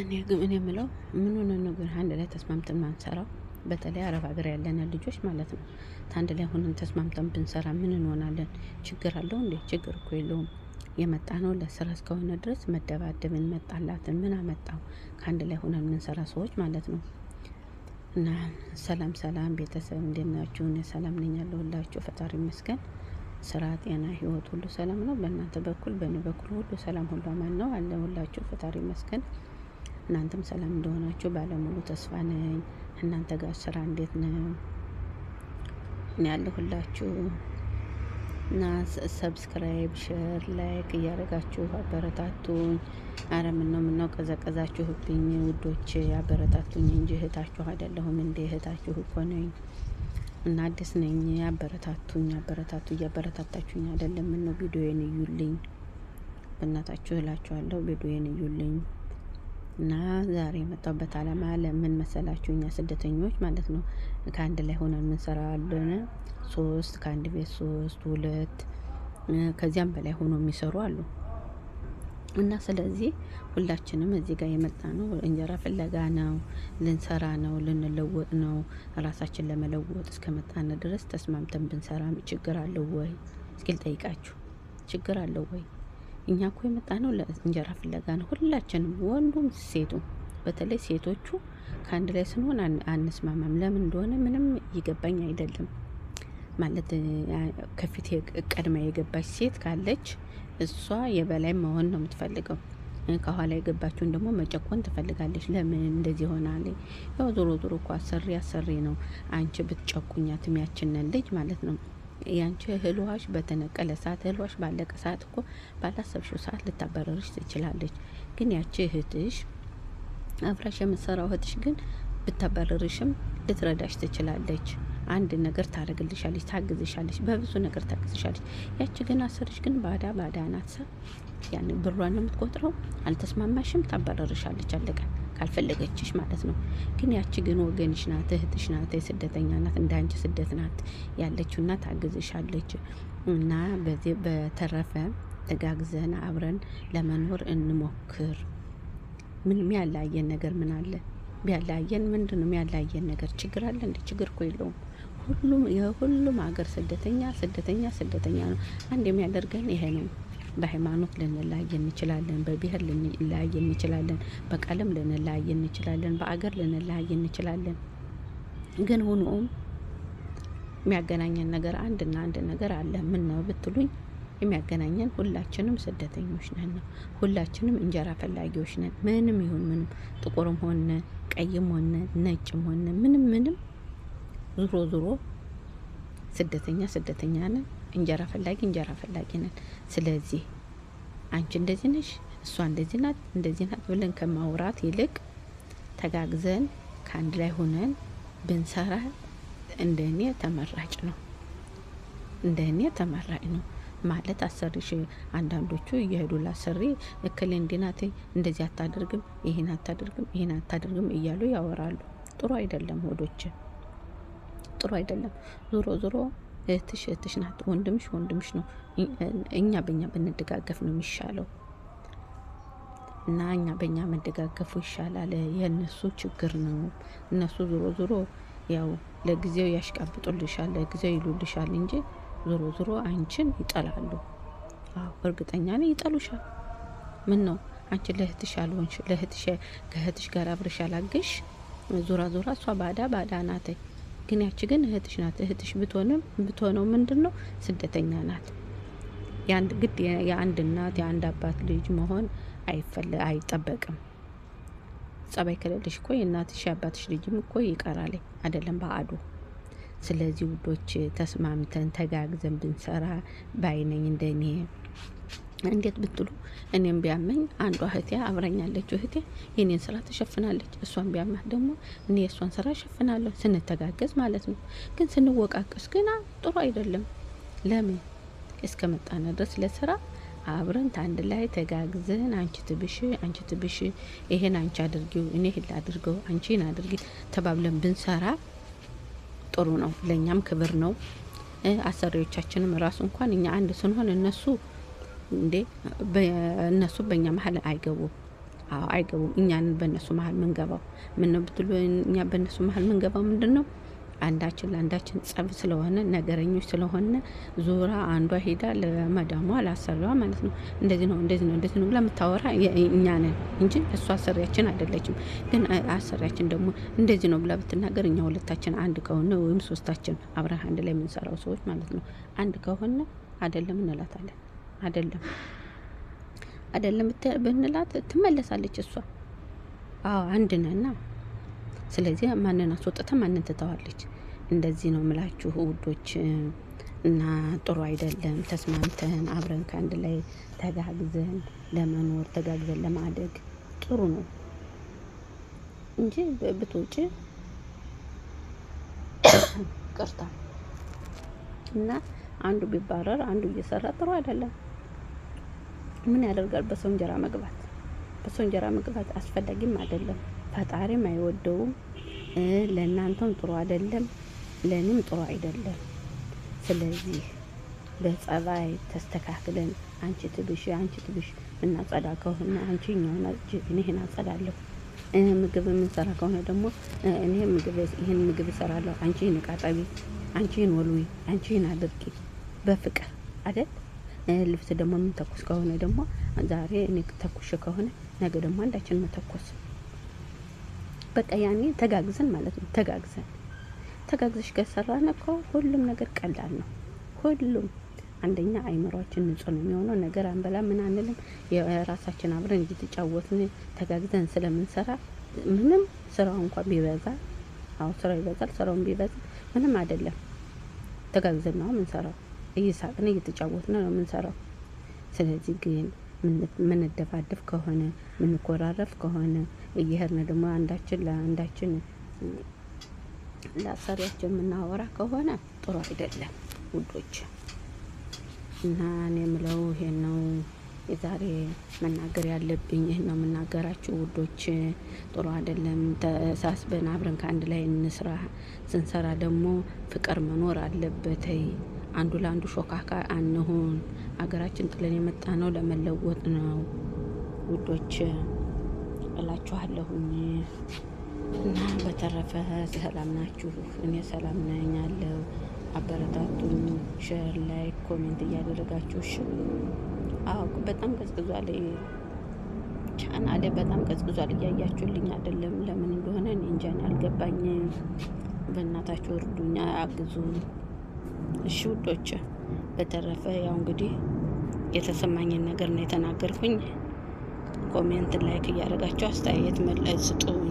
እኔ የምለው ምን ሆነ ነገር አንድ ላይ ተስማምተን ማንሰራው በተለይ አረብ ሀገር ያለን ልጆች ማለት ነው። ታንድ ላይ ሆነን ተስማምተን ብንሰራ ምን እንሆናለን? ችግር አለው እንዴ? ችግር እኮ የለውም። የመጣ ነው ለስራ እስከሆነ ድረስ መደባደብን መጣላትን ምን አመጣው? ከአንድ ላይ ሆነን የምንሰራ ሰዎች ማለት ነው። እና ሰላም ሰላም ቤተሰብ እንዴት ናችሁ? እኔ ሰላም ነኝ ያለሁላችሁ ፈጣሪ ይመስገን። ስራ፣ ጤና፣ ህይወት ሁሉ ሰላም ነው። በእናንተ በኩል በእኔ በኩል ሁሉ ሰላም ሁሉ አማን ነው አለሁላችሁ ፈጣሪ ይመስገን። እናንተም ሰላም እንደሆናችሁ ባለሙሉ ተስፋ ነኝ። እናንተ ጋር ስራ እንዴት ነው? እኔ ያለሁላችሁ እና ሰብስክራይብ፣ ሸር፣ ላይክ እያደረጋችሁ አበረታቱኝ። አረ ምነው ምነው ቀዘቀዛችሁብኝ ውዶች፣ አበረታቱኝ እንጂ እህታችሁ አይደለሁም እንዴ? እህታችሁ እኮ ነኝ እና አዲስ ነኝ። አበረታቱኝ፣ አበረታቱ። እያበረታታችሁኝ አይደለም? ምነው ቪዲዮዬን እዩልኝ፣ በእናታችሁ እላችኋለሁ፣ ቪዲዮዬን እዩልኝ። እና ዛሬ የመጣሁበት አላማ ለምን መሰላችሁ? እኛ ስደተኞች ማለት ነው ከአንድ ላይ ሆነን የምንሰራለን፣ ሶስት ከአንድ ቤት ሶስት ሁለት ከዚያም በላይ ሆኖ የሚሰሩ አሉ። እና ስለዚህ ሁላችንም እዚህ ጋር የመጣ ነው እንጀራ ፍለጋ ነው፣ ልንሰራ ነው፣ ልንለወጥ ነው። ራሳችን ለመለወጥ እስከመጣን ድረስ ተስማምተን ብንሰራ ችግር አለው ወይ? እስኪል ጠይቃችሁ ችግር አለው ወይ? እኛ እኮ የመጣ ነው ለእንጀራ ፍለጋ ነው። ሁላችንም ወንዱም ሴቱ፣ በተለይ ሴቶቹ ከአንድ ላይ ስንሆን አንስማማም። ለምን እንደሆነ ምንም ይገባኝ አይደለም። ማለት ከፊት ቀድማ የገባች ሴት ካለች እሷ የበላይ መሆን ነው የምትፈልገው። ከኋላ የገባችውን ደግሞ መጨቆን ትፈልጋለች። ለምን እንደዚህ ሆናለ? ያው ዞሮ ዞሮ እኮ አሰሪ አሰሪ ነው። አንቺ ብትጨቁኛት ያችንን ልጅ ማለት ነው ያንቺ እህልዋሽ በተነቀለ ሰዓት እህልዋሽ ባለቀ ሰዓት እኮ ባላሰብሽው ሰዓት ልታበረርሽ ትችላለች። ግን ያቺ እህትሽ አብራሽ የምትሰራው እህትሽ ግን ብታበረርሽም ልትረዳሽ ትችላለች። አንድ ነገር ታደርግልሻለች፣ ታግዝሻለች፣ በብዙ ነገር ታግዝሻለች። ያቺ ግን አሰርሽ ግን ባዳ ባዳ ናት። ያን ብሯን የምትቆጥረው አልተስማማሽም፣ ታባረርሻለች፣ አለቀ። ካልፈለገችሽ ማለት ነው። ግን ያቺ ግን ወገንሽ ናት፣ እህትሽ ናት፣ ስደተኛ ናት፣ እንደ አንቺ ስደት ናት ያለችው ያለችውና ታግዝሻለች እና በዚህ በተረፈ ተጋግዘን አብረን ለመኖር እንሞክር። ምን የሚያለያየን ነገር ምን አለ? ቢያለያየን ምንድን ነው የሚያለያየን ነገር? ችግር አለ እንደ ችግር እኮ የለውም። ሁሉም የሁሉም ሀገር ስደተኛ ስደተኛ ስደተኛ ነው። አንድ የሚያደርገን ይሄ ነው። በሃይማኖት ልንለያይ እንችላለን። በብሔር ልንለያይ እንችላለን። በቀለም ልንለያይ እንችላለን። በአገር ልንለያይ እንችላለን። ግን ሆኖም የሚያገናኘን ነገር አንድና አንድ ነገር አለ። ምን ነው ብትሉኝ የሚያገናኘን ሁላችንም ስደተኞች ነን ነው። ሁላችንም እንጀራ ፈላጊዎች ነን። ምንም ይሁን ምንም ጥቁርም ሆነ ቀይም ሆነ ነጭም ሆነ ምንም ምንም ዙሮ ዙሮ ስደተኛ ስደተኛ ነን። እንጀራ ፈላጊ እንጀራ ፈላጊ ነን። ስለዚህ አንቺ እንደዚህ ነሽ፣ እሷ እንደዚህ ናት፣ እንደዚህ ናት ብለን ከማውራት ይልቅ ተጋግዘን ከአንድ ላይ ሆነን ብንሰራ እንደ እኔ ተመራጭ ነው። እንደ እኔ ተመራጭ ነው ማለት አሰሪሽ፣ አንዳንዶቹ እየሄዱ ላሰሪ እክል እንዲናት እንደዚህ አታደርግም፣ ይህን አታደርግም፣ ይህን አታደርግም እያሉ ያወራሉ። ጥሩ አይደለም፣ ወዶች ጥሩ አይደለም። ዞሮ ዞሮ እህትሽ እህትሽ ናት፣ ወንድምሽ ወንድምሽ ነው። እኛ በእኛ ብንደጋገፍ ነው የሚሻለው እና እኛ በእኛ መደጋገፉ ይሻላል። የእነሱ ችግር ነው። እነሱ ዞሮ ዞሮ ያው ለጊዜው ያሽቃብጡልሻል፣ ለጊዜው ይሉልሻል እንጂ ዞሮ ዞሮ አንቺን ይጠላሉ። አዎ እርግጠኛ ነኝ ይጠሉሻል። ምን ነው አንቺ ለእህትሽ አልሆንሽ፣ ለእህትሽ ከእህትሽ ጋር አብረሽ አላገሽ፣ ዙራ ዞራ እሷ ባዳ ባዳ ናተኝ ግን ያቺ ግን እህትሽ ናት። እህትሽ ብትሆንም ብትሆነው ምንድን ነው ስደተኛ ናት። የአንድ ግድ የአንድ እናት የአንድ አባት ልጅ መሆን አይፈለ አይጠበቅም። ጸባይ ከሌለሽ እኮ የእናትሽ የአባትሽ ልጅም እኮ ይቀራል አይደለም በአዱ። ስለዚህ ውዶች ተስማምተን ተጋግዘን ብንሰራ ባይነኝ እንደኔ እንዴት ብትሉ እኔም ቢያመኝ አንዷ እህቴ አብረኛለች። እህቴ የኔን ስራ ትሸፍናለች፣ እሷን ቢያመህ ደግሞ እኔ የእሷን ስራ እሸፍናለሁ። ስንተጋገዝ ማለት ነው። ግን ስንወቃቀስ ግና ጥሩ አይደለም። ለምን እስከ መጣነ ድረስ ለስራ አብረን ታንድ ላይ ተጋግዘን አንቺ ትብሽ፣ አንቺ ትብሽ፣ ይሄን አንቺ አድርጊው፣ እኔ ይሄን አድርገው፣ አንቺን አድርጊ ተባብለን ብንሰራ ጥሩ ነው። ለእኛም ክብር ነው። አሰሪዎቻችንም ራሱ እንኳን እኛ አንድ ስንሆን እነሱ እንዴ እነሱ በእኛ መሀል አይገቡም። አዎ አይገቡም። እኛን በእነሱ መሀል ምንገባው ምን ነው ብትሉ፣ እኛ በእነሱ መሀል ምንገባው ምንድን ነው? አንዳችን ለአንዳችን ጸብ ስለሆነ ነገረኞች ስለሆነ ዙራ አንዷ ሄዳ ለመዳሟ ላሰሪዋ ማለት ነው እንደዚህ ነው እንደዚህ ነው እንደዚህ ነው ብላ የምታወራ እኛ ነን እንጂ እሷ አሰሪያችን አይደለችም። ግን አሰሪያችን ደግሞ እንደዚህ ነው ብላ ብትናገር እኛ ሁለታችን አንድ ከሆነ ወይም ሶስታችን አብረህ አንድ ላይ የምንሰራው ሰዎች ማለት ነው አንድ ከሆነ አይደለም እንላታለን። አይደለም አይደለም ብንላት ትመለሳለች እሷ። አዎ አንድ ነና። ስለዚህ ማንን አስወጥታ ማንን ትተዋለች? እንደዚህ ነው ምላችሁ ውዶች። እና ጥሩ አይደለም። ተስማምተን አብረን ከአንድ ላይ ተጋግዘን ለመኖር ተጋግዘን ለማደግ ጥሩ ነው እንጂ ብትውጭ ቅርታ እና አንዱ ቢባረር አንዱ እየሰራ ጥሩ አይደለም። ምን ያደርጋል? በሰው እንጀራ መግባት በሰው እንጀራ መግባት አስፈላጊም አይደለም፣ ፈጣሪም አይወደውም። ለእናንተም ጥሩ አይደለም፣ ለእኔም ጥሩ አይደለም። ስለዚህ በጸባይ ተስተካክለን አንቺ ትብሽ አንቺ ትብሽ እናጸዳ ከሆነ አንቺ እኛውን እኔ ይህን አጸዳለሁ። ምግብ የምንሰራ ከሆነ ደግሞ እኔ ምግብ ይህን ምግብ እሰራለሁ፣ አንቺ ይህን ቃጠቢ፣ አንቺ ይህን ወልዊ፣ አንቺ ይህን አድርቂ። በፍቅር አይደል ልብስ ደግሞ የምንተኩስ ከሆነ ደግሞ ዛሬ እኔ ተኩሽ ከሆነ ነገ ደግሞ አንዳችን መተኮስ በቃ ያኔ ተጋግዘን ማለት ነው። ተጋግዘን ተጋግዘሽ ከሰራን እኮ ሁሉም ነገር ቀላል ነው። ሁሉም አንደኛ አይምሯችን ንጹህ ነው የሚሆነው። ነገር አንበላ ምን አንልም። የራሳችን አብረን እየተጫወትን ተጋግዘን ስለምንሰራ ምንም ስራው እንኳ ቢበዛ አሁን ስራው ይበዛል። ስራውን ቢበዛ ምንም አይደለም። ተጋግዘን ነው የምንሰራው። እየሳቅን እየተጫወትን ነው የምንሰራው። ስለዚህ ግን ምንደፋደፍ ከሆነ ምንኮራረፍ ከሆነ እየሄድን ደግሞ አንዳችን ለአንዳችን ለአሰሪያችን የምናወራ ከሆነ ጥሩ አይደለም ውዶች። እና እኔ የምለው ይሄን ነው የዛሬ መናገር ያለብኝ ይህን ነው የምናገራችሁ ውዶች። ጥሩ አይደለም። ተሳስበን አብረን ከአንድ ላይ እንስራ። ስንሰራ ደግሞ ፍቅር መኖር አለበተይ አንዱ ለአንዱ ሾካካ አንሆን። ሀገራችን ጥለን የመጣ ነው ለመለወጥ ነው ውዶች እላችኋለሁኝ። እና በተረፈ ሰላም ናችሁ? እኔ ሰላም ነኝ አለው። አበረታቱኝ፣ ሸር ላይ ኮሜንት እያደረጋችሁ አዎ በጣም ቀዝቅዟል፣ ቻናሌ በጣም ቀዝቅዟል። እያያችሁልኝ አይደለም? ለምን እንደሆነ እኔ እንጃ አልገባኝም። በእናታችሁ እርዱኛ፣ አግዙ። እሺ ውዶች፣ በተረፈ ያው እንግዲህ የተሰማኝን ነገር ነው የተናገርኩኝ። ኮሜንት ላይክ እያደረጋችሁ አስተያየት መለስ ስጡኝ።